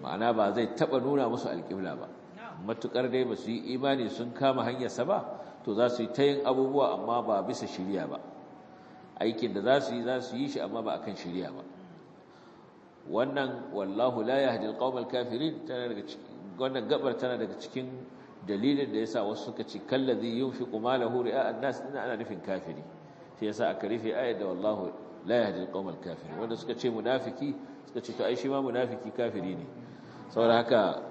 ma'ana ba zai taba nuna musu alƙibla ba matukar dai ba su yi imani sun kama hanyar sa ba to za su yi ta yin abubuwa amma ba bisa shirya ba aikin da za su yi za su yi shi amma ba akan shirya ba wannan wallahu la yahdi al kafirin tana daga cikin wannan gabar tana daga cikin dalilin da yasa wasu suka ce kallazi yunfiqu malahu ri'a an-nas ina ana nufin kafiri shi yasa aka rufe ayat da wallahu la yahdi al kafirin wanda suka ce munafiki suka ce to ai shi ma munafiki kafiri ne saboda haka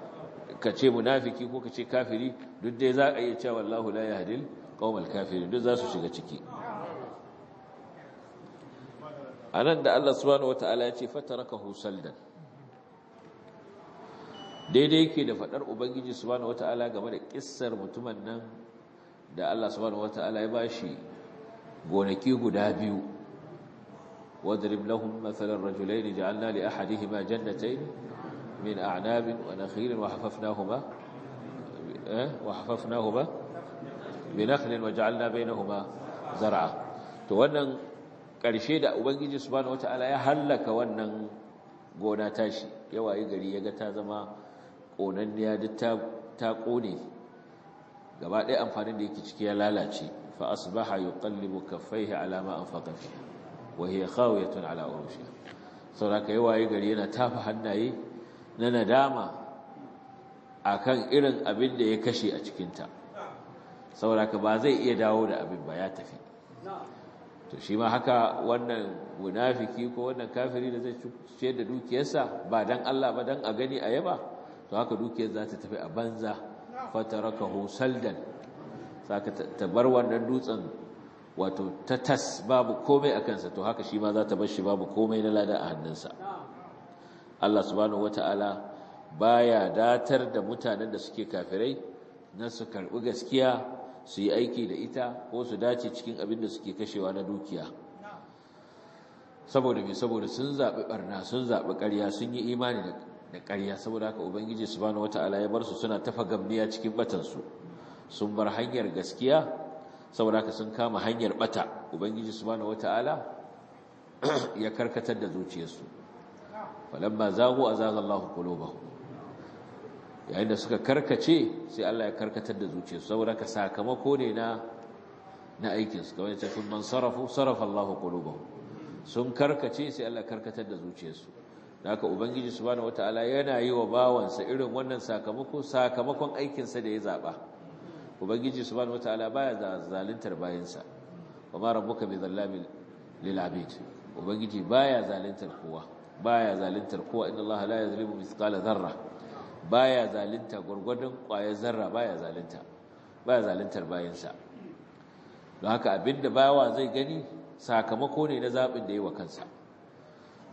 ka ce munafiki ko ka ce kafiri duk dai za ka iya cewa wallahu la yahdi al-qawm kafirin duk za su shiga ciki anan da Allah subhanahu wataala ya ce fatarakahu saldan daidai yake da faɗar ubangiji subhanahu wata'ala game da ƙissar mutumin nan da Allah subhanahu wata'ala ya bashi gonaki guda biyu wadrib lahum mathalan rajulaini ja'alna li ahadihima jannatayn min a'nabin wa nakhilin wa hafafnahuma eh, wa hafafnahuma bi nakhlin wa ja'alna bainahuma zar'a to wannan ƙarshe da ubangiji subhanahu wata'ala ya halaka wannan gona tashi yawa yi gari ya ga ta zama ƙonanniya da ta ƙone gaba ɗaya amfanin da yake ciki ya lalace fa asbaha yuqallibu kaffaihi ala ma anfaqa fiha wa hiya khawiyatun ala urushiha saboda yi waye gari yana tafa hannaye na nadama a kan irin abin da ya kashe a cikinta saboda ka ba zai iya dawo da abin ba ya tafi to shi ma haka wannan munafiki ko wannan kafiri da zai ciyar da dukiyarsa ba dan Allah ba dan a gani a yaba to haka dukiyar za ta tafi a banza fatarakahu saldan za ta bar wannan dutsen wato ta tas babu komai a kansa to haka shi ma za ta bar shi babu komai na lada a hannunsa Allah subhanahu wataala ba ya datar da mutanen da suke kafirai na su karɓi gaskiya su yi aiki da ita ko su dace cikin abin da suke kashewa na dukiya saboda me saboda sun zaɓi ɓarna sun zaɓi ƙarya sun yi imani da da ƙarya saboda haka ubangiji subhanahu wata'ala ya bar su suna tafa gambiya cikin batansu sun bar hanyar gaskiya saboda haka sun kama hanyar bata ubangiji subhanahu wata'ala ya karkatar da zuciyarsu falamma zagu azaga Allahu qulubahum yayin da suka karkace sai Allah ya karkatar da zuciyarsu saboda haka sakamako ne na na aikinsu kawai ta kun man sarafu sarafa Allahu qulubahum sun karkace sai Allah karkatar da zuciyarsu haka ubangiji subhanahu wataala yana yi wa bawansa irin wannan sakamako sakamakon aikinsa da ya zaba ubangiji subhanahu wataala baya zaluntar bayansa wama rabbuka zallamin lil abid ubangiji baya zaluntar kowa baya zaluntar kowa inna allah la yuzlimu mithqala dharra baya zalunta gurgurdan kwaye zarra baya zalunta baya zaluntar bayansa don haka abinda bawa zai gani sakamako ne na zabin da yi wa kansa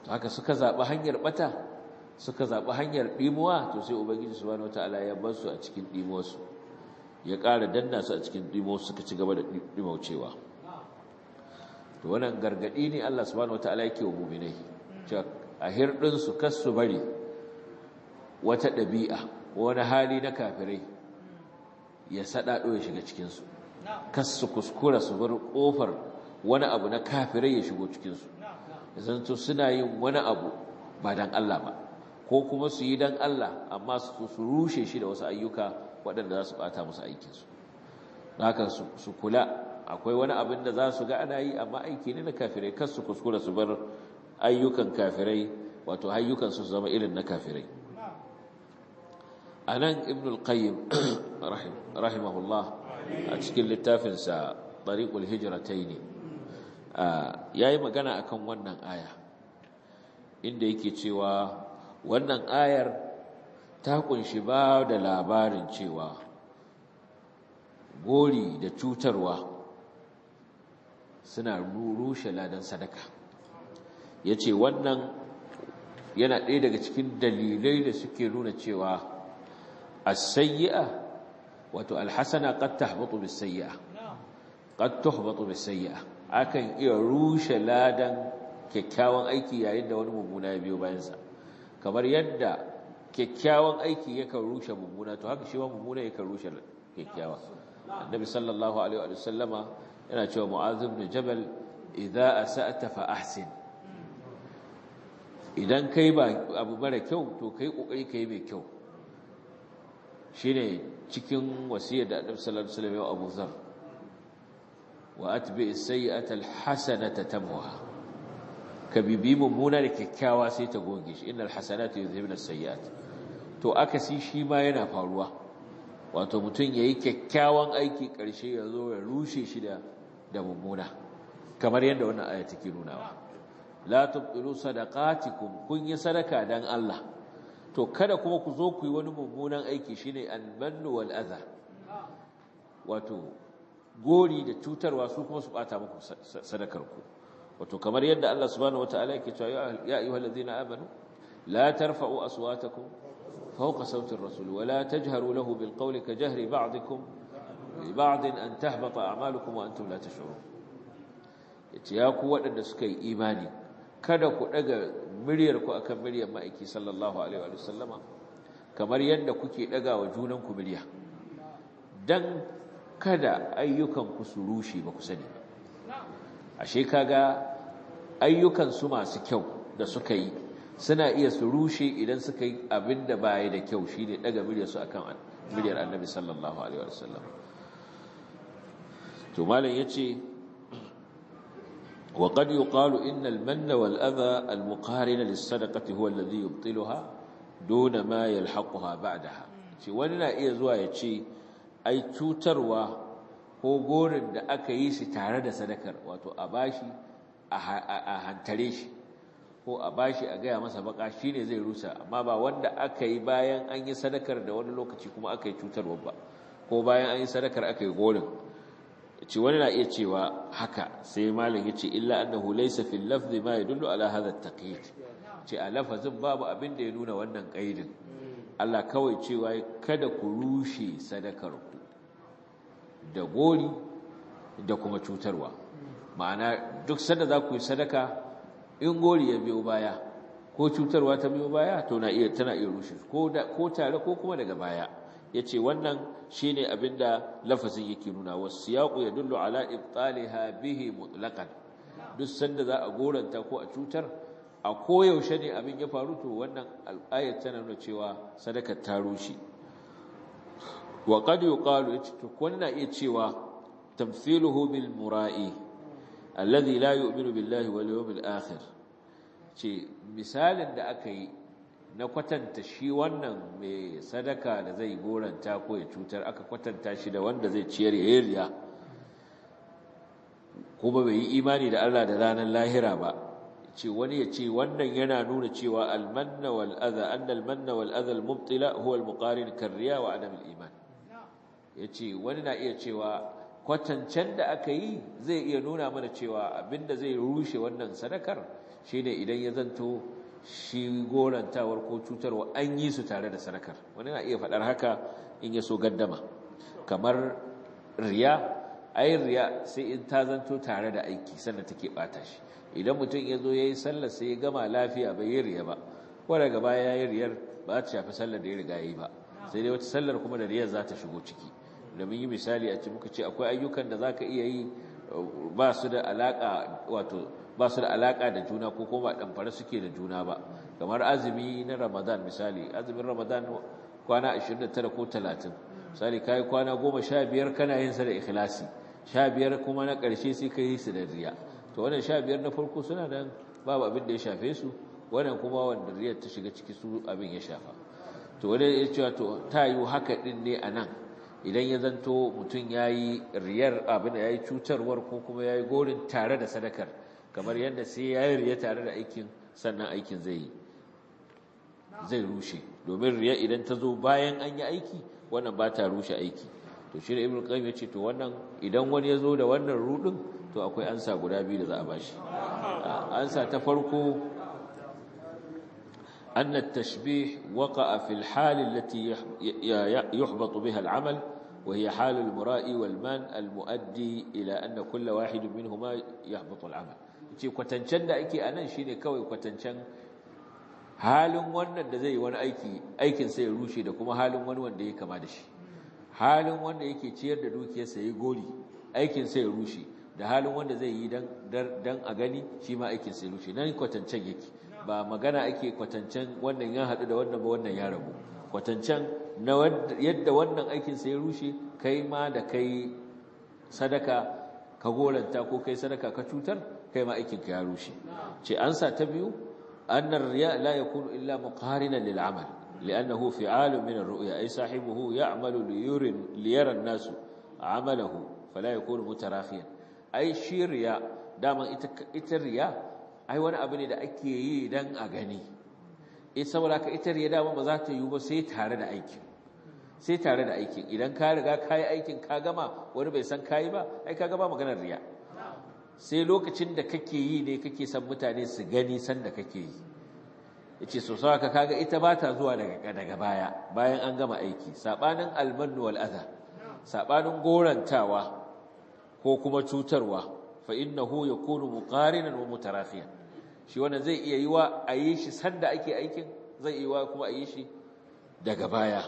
haka suka zaɓi hanyar ɓata suka zaɓi hanyar ɗimuwa to sai ubangiji su wani wata'ala ya bar su a cikin ɗimuwarsu ya ƙara danna su a cikin ɗimuwarsu suka ci gaba da ɗimaucewa to wannan gargaɗi ne allah su wani wata'ala yake wa muminai a hirɗinsu kas su bari wata ɗabi'a wani hali na kafirai ya saɗaɗo ya shiga cikinsu kas su kuskura su bar ƙofar wani abu na kafirai ya shigo cikinsu zanto suna yin wani abu ba dan Allah ba ko kuma su yi dan Allah amma su rushe shi da wasu ayyuka waɗanda za su ɓata musu aikinsu haka su kula akwai wani abin da za su ga ana yi amma aiki ne na kafirai kar su kuskura su bar ayyukan kafirai wato ayyukan su zama irin na kafirai anan ibn al-qayyim rahimahullah a cikin littafinsa tariqul ne. ya yi magana akan wannan aya inda yake cewa wannan ayar ta kunshi ba da labarin cewa gori da cutarwa suna rushe ladan sadaka ya ce wannan yana ɗaya daga cikin dalilai da suke nuna cewa sayi'a wato alhassana ƙatta haɓatu ƙatta haɓatu bisayya akan iya rushe ladan kyakkyawan aiki yayin da wani mummuna ya biyo bayansa kamar yadda kyakkyawan aiki yakan rushe mummuna to haka shi ma mummuna yakan rushe kyakkyawa annabi sallallahu alaihi wa sallama yana cewa mu'adh ibn jabal idza asa'ta fa ahsin idan kai ba abu mara kyau to kai kokari kai mai kyau shine cikin wasiyar da annabi sallallahu alaihi wa sallam ya Abu Zar wa atbi as-sayyi'ata al-hasanata tamwa ka bibi mummuna da kyakkyawa sai ta goge shi innal hasanatu yuzhibna as-sayyi'at to akasi shi ma yana faruwa wato mutum yayi kyakkyawan aiki karshe ya zo ya rushe shi da da mummuna kamar yadda wannan aya take nunawa la tubtilu sadaqatikum kun yi sadaka dan Allah to kada kuma ku zo ku wani mummunan aiki shine al-mannu wato gori da cutarwa su kuma su bata muku sadakarku. wato kamar yadda Allah subhanahu wataala yake cewa ya ayyuhallazina amanu la tarfa'u aswatakum fawqa sawti ar-rasul wa la tajharu lahu bil qawli ka jahri ba'dikum li ba'd an tahbata a'malukum wa antum la tash'urun yace ya ku waɗanda suka yi imani kada ku daga miryar ku akan miryar ma'aiki sallallahu alaihi wa sallama kamar yadda kuke daga wa junan ku mirya dan kada ayyukanku su rushe ba ku sani ashe kaga ayyukansu masu kyau da suka yi suna iya su rushe idan suka yi abin da baya da kyau shine daga miryarsu akan miliyar annabi sallallahu alaihi wasallam to malam yace wa qad yuqalu innal manna wal adha al muqarina lis huwa alladhi yubtiluha duna ma yalhaquha ba'daha ce wani na iya zuwa ya ce ai cutarwa ko gorin da aka yi shi tare da sadakar wato a bashi a hantare shi ko a bashi a gaya masa baka shi ne zai rusa amma ba wanda aka yi bayan an yi sadakar da wani lokaci kuma aka yi cutarwa ba ko bayan an yi sadakar aka yi gorin ci wani na iya cewa haka sai malam ce illa annahu laysa fil lafzi ma yadullu ala hadha at ce a lafazin babu abin da ya nuna wannan kaidin Allah kawai cewa kada ku rushe sadakar da gori da kuma cutarwa ma'ana duk sanda za ku yi sadaka in gori ya biyo baya ko cutarwa ta biyo baya to na iya tana iya rushe ko tare ko kuma daga baya Ya ce wannan shi ne abin da lafazin yake nuna Wasu ya wasiyaqu yadullu ala ha bihi mutlaqan duk sanda za a goranta ko a cutar a koyaushe ne abin ya faru to wannan al'ayar tana nuna cewa sadakar ta rushe wa qad yuqalu to na iya cewa tamthiluhu bil mura'i alladhi la yu'minu billahi wal yawmil akhir ce misalin da aka yi na kwatanta shi wannan mai sadaka da zai goranta ko ya cutar aka kwatanta shi da wanda zai ciyar ya riya kuma bai yi imani da Allah da ranar lahira ba ce wani ya ce wannan yana nuna cewa almanna wal adha annal manna wal mubtila huwa al muqarin karriya wa adam al iman ya ce wani na iya cewa kwatancen da aka yi zai iya nuna mana cewa abinda zai rushe wannan sadakar shine idan ya zanto shi gorantawar ko cutarwa an yi su tare da sadakar wani na iya faɗar haka in ya so gaddama kamar riya ayin riya sai in ta zanto tare da aiki sannan take bata shi idan mutum ya zo ya yi sallar sai ya gama lafiya bai yi riya ba daga gaba ya yi riyar ba ta shafi sallar da ya riga ya yi ba sai dai wata sallar kuma da riyar za ta shigo ciki da mun yi misali a ci muka ce akwai ayyukan da za ka iya yi ba su da alaka wato basu da alaka da juna ko kuma damfara suke da juna ba kamar azumi na Ramadan misali azumin Ramadan kwana 29 ko 30 ka yi kwana 15 kana yin sa da ikhlasi 15 kuma na ƙarshe sai ka yi su da riya to wannan 15 na farko suna nan babu abin da ya shafe su wannan kuma wanda riyar ta shiga ciki su abin ya shafa to wanda ya ce to ta yi haka din ne a nan. idan ya zanto mutum ya yi riyar abin da ya yi cutarwar ko kuma ya yi gorin tare da sadakar kamar yadda sai ya yi riyar tare da aikin sannan aikin zai zai rushe domin riya idan ta zo bayan an yi aiki wannan ba ta rushe aiki to shi da ibrahim ya ce to wannan idan wani ya zo da wannan rudin to akwai ansa guda biyu da za a bashi ansa ta farko أن التشبيه وقع في الحال التي يحبط بها العمل وهي حال المرائي والمان المؤدي إلى أن كل واحد منهما يحبط العمل kwatancen da ake anan shine kawai kwatancen halin wannan da zai wani aikin sai ya rushe da kuma halin wani wanda ya kama da shi halin wanda yake ciyar da dukiyarsa ya gori aikin sai ya rushe da halin wanda zai yi dan a gani shi ma aikin sai rushe nan kwatancen yake ba magana ake kwatancen wannan ya haɗu da wannan ba wannan ya rabu kwatancen na yadda wannan aikin sai ya rushe kai ma da kai sadaka ka goranta ko kai sadaka ka cutar kai ma aikin ka ya rushe ce sa ta biyu annar riya la yakunu illa muqarinan lil amal li'annahu fi'alun min ar-ru'ya ay sahibuhu ya'malu ya liyara an-nasu amalahu fala yakunu mutarafiyan ai shi riya dama ita riya ai wani abu ne da ake yi dan a gani eh saboda ka ita riya dama ba za ta yi ba sai tare da aiki sai tare da aikin idan ka riga ka yi aikin ka gama wani bai san ka yi ba ai ka gama maganar riya sai lokacin da kake yi ne kake san mutane su gani san da kake yi yace so ka kaga ita ba ta zuwa daga daga baya bayan an gama aiki sabanin almanu wal adha gorantawa ko kuma cutarwa fa innahu yakunu muqarinan wa mutarafiyan shi wannan zai iya yi wa a yi shi sanda ake aikin zai iya wa kuma a yi shi daga baya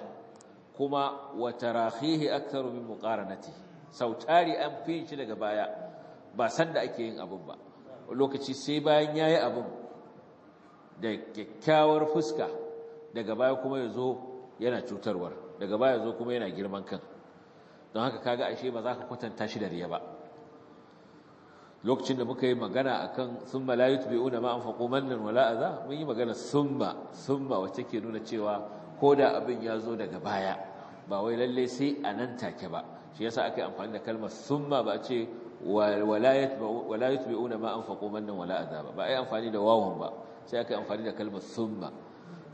kuma wa tarahihi aktharu min muqaranati sautari an fi shi daga baya ba sanda ake yin abun ba lokaci sai bayan ya yi abun da kyakkyawar fuska daga baya kuma ya zo yana cutarwar daga baya zo kuma yana girman kan don haka kaga ashe ba za ka kwatanta shi da riya ba lokacin da muka yi magana a akan summa la una ma'an anfaqu mannan wala mun yi magana summa summa wacce ke nuna cewa ko da abin ya zo daga baya ba wai lalle sai a nan take ba shi yasa aka yi amfani da kalmar summa ba a ce wala una ma'an anfaqu mannan wala ba ba yi amfani da wawon ba sai aka yi amfani da kalmar summa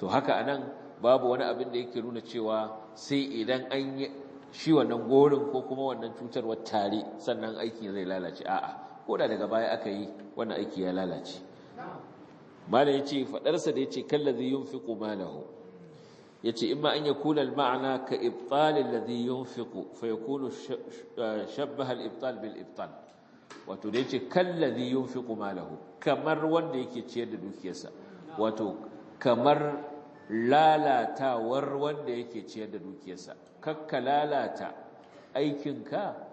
to haka a nan babu wani abin da yake nuna cewa sai idan an yi shi wannan gorin ko kuma wannan cutarwar tare sannan aiki zai lalace a'a ko da daga baya aka yi wannan aiki ya lalace malam yace fadarsa da yace kallazi yunfiqu malahu ce imma an yakuna al ma'ana ka ibtal alladhi fiƙo, fa yakunu shabbaha al-ibtal bil ibtal wato da yace kallazi fiƙo malahu kamar wanda yake ciyar da dukiyarsa wato kamar lalatawar wanda yake ciyar da dukiyarsa kakka lalata aikinka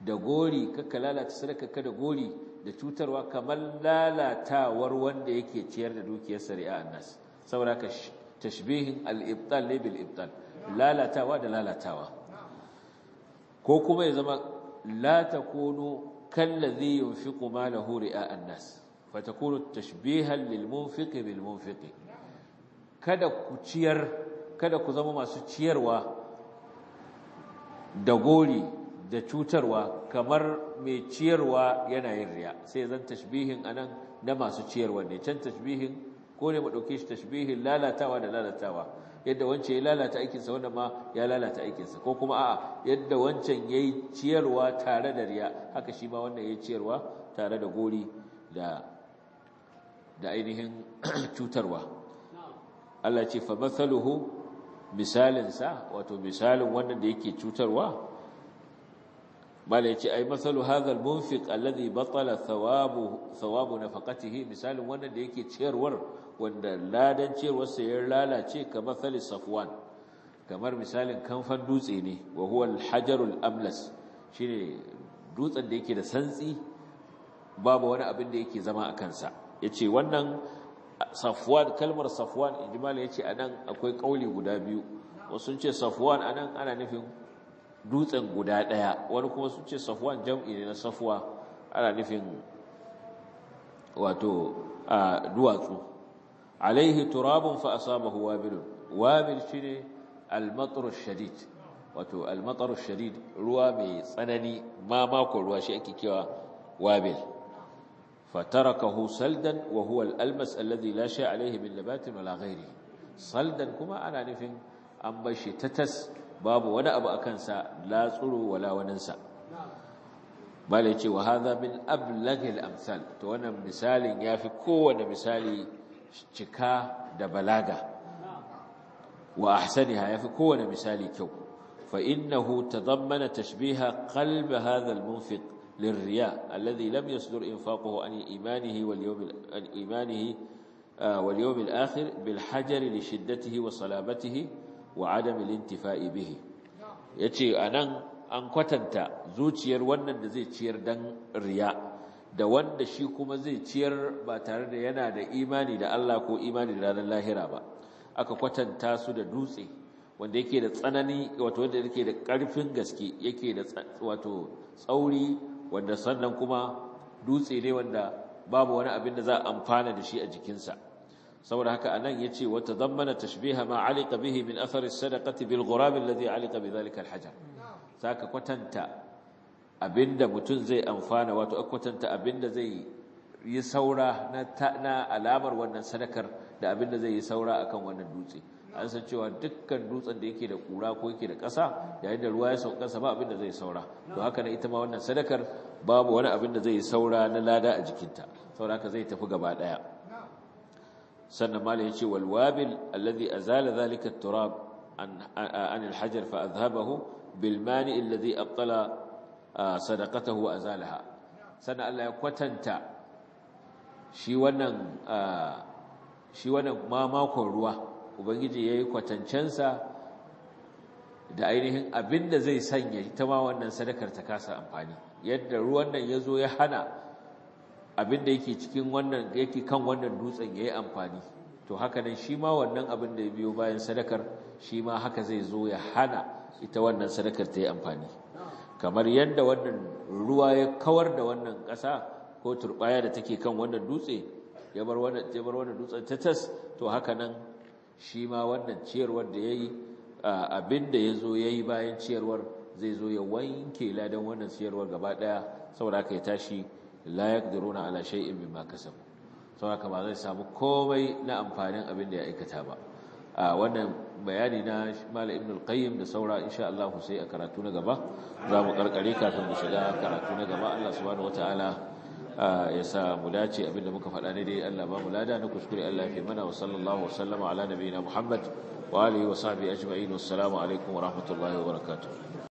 da gori kakka lalata sadakarka da gori da cutarwa kamar lalatawar wanda yake ciyar da dukiyar sari'a annas saboda ka tashbihin al-ibtal ne bil ibtal lalatawa da lalatawa ko kuma ya zama la takunu ladhi yunfiqu lahu ri'a annas takunu tashbihan lil munfiqi bil munfiqi kada ku ciyar kada ku zama masu ciyarwa da gori da cutarwa kamar mai ciyarwa yana yin riya sai zan tashbihin anan na masu ciyarwa ne can tashbihin ko ne mu shi tashbihin lalatawa da lalatawa yadda wancan ya lalata aikinsa wanda ma ya lalata aikinsa ko kuma a'a yadda wancan ya yi ciyarwa tare da riya haka shi ma wannan ya yi ciyarwa tare da gori da ainihin cutarwa Allah ce fa misalinsa wato misalin wannan da yake cutarwa mala yace ai masalu hadha almunfiq alladhi batala thawabu thawabu nafaqatihi misalin wannan da yake ciyarwar wanda ladan ciyarwar sa ya lalace kamar sali safwan kamar misalin kanfan dutse ne wa huwa alhajarul amlas shine dutsen da yake da santsi babu wani abin da yake zama a kansa yace wannan safwan kalmar safwan ijmal yace anan akwai kauli guda biyu wasu sun ce safwan anan ana nufin dutsen guda ɗaya wani kuma sun ce safuwan jam'i ne na safwa ana nufin wato duwatsu alaihi turabun fa asamahu wabilun wabil shine al-matru shadid wato al ruwa mai tsanani ma ruwa shi ake cewa wabil fatarakahu saldan wa huwa almas alladhi la shay'a alayhi min Labatin wala ghayrihi saldan kuma ana nufin an bashi shi tas. babu wani abu a kansa la tsuru wala waninsa bala ce wa hadha min ablaghil amsal ta wannan misalin yafi kowanne misali cika da balaga wa ya yafi kowanne misali kyau fa innahu tadammana tashbiha qalb hadha almunfiq lirriya alladhi lam ya infaquhu in imanihi wal yawm al imanihi ah, wal yawm akhir bil hajar li shiddatihi wa salabatihi wa adam lintifa'i bihi yace anan an kwatanta zuciyar wannan da zai ciyar dan riya da wanda shi kuma zai ciyar ba tare da yana da imani da Allah ko imani da ranar lahira ba aka kwatanta su da dutse wanda yake da tsanani wato wanda yake da karfin gaske yake da wato tsauri wanda sannan kuma dutse ne wanda babu wani abin da za a amfana da shi a jikinsa saboda haka anan yace wa tadammana tashbiha ma alika bihi min athar as-sadaqati bil ghurab alladhi alika bi al-hajar saka kwatanta abinda mutun zai amfana wato kwatanta abinda zai yi saura na na alamar wannan sadakar da abinda zai yi saura akan wannan dutse an san cewa dukkan dutsen da yake da kura ko yake da ƙasa yayin da ruwa ya sauka ƙasa ba abinda zai saura to haka ne ita ma wannan sadakar babu wani abinda zai yi saura na lada a jikinta saboda haka zai tafi gaba daya sannan mala ya ce walwabil alladhi azala zalika turab an alhajar fa azhabahu bil mani alladhi abtala sadaqatahu wa azalaha sannan Allah ya kwatanta shi wannan shi wannan mamakon ruwa ubangiji yayi kwatancensa da ainihin abinda zai sanya ita ma wannan sadakar ta kasa amfani yadda ruwan nan yazo ya hana abin da yake cikin wannan yake kan wannan dutsen yayi amfani to haka nan shi ma wannan abin da ya biyo bayan sadakar shi ma haka zai zo ya hana ita wannan sadakar ta yi amfani kamar yadda wannan ruwa ya kawar da wannan ƙasa ko turɓaya da take kan wannan dutse ya bar wannan ya dutsen ta tas to haka nan shi ma wannan ciyarwar da yayi abin da ya zo yayi bayan ciyarwar zai zo ya wanke ladan wannan ciyarwar gaba daya saboda haka ya tashi la yaqdiruna ala shay'in mimma kasabu saboda ba zai samu komai na amfanin abin da ya aikata ba a wannan bayani na Mala Ibn al-Qayyim da saura insha Allah sai a karatu na gaba za mu karkare kafin mu shiga karatu na gaba Allah subhanahu wataala ya sa mu dace abinda muka faɗa ne dai Allah ba mu lada na kuskure Allah ya fi mana wa sallallahu wa sallama ala nabiyina Muhammad wa alihi wa sahbihi ajma'in wassalamu alaikum wa rahmatullahi wa barakatuh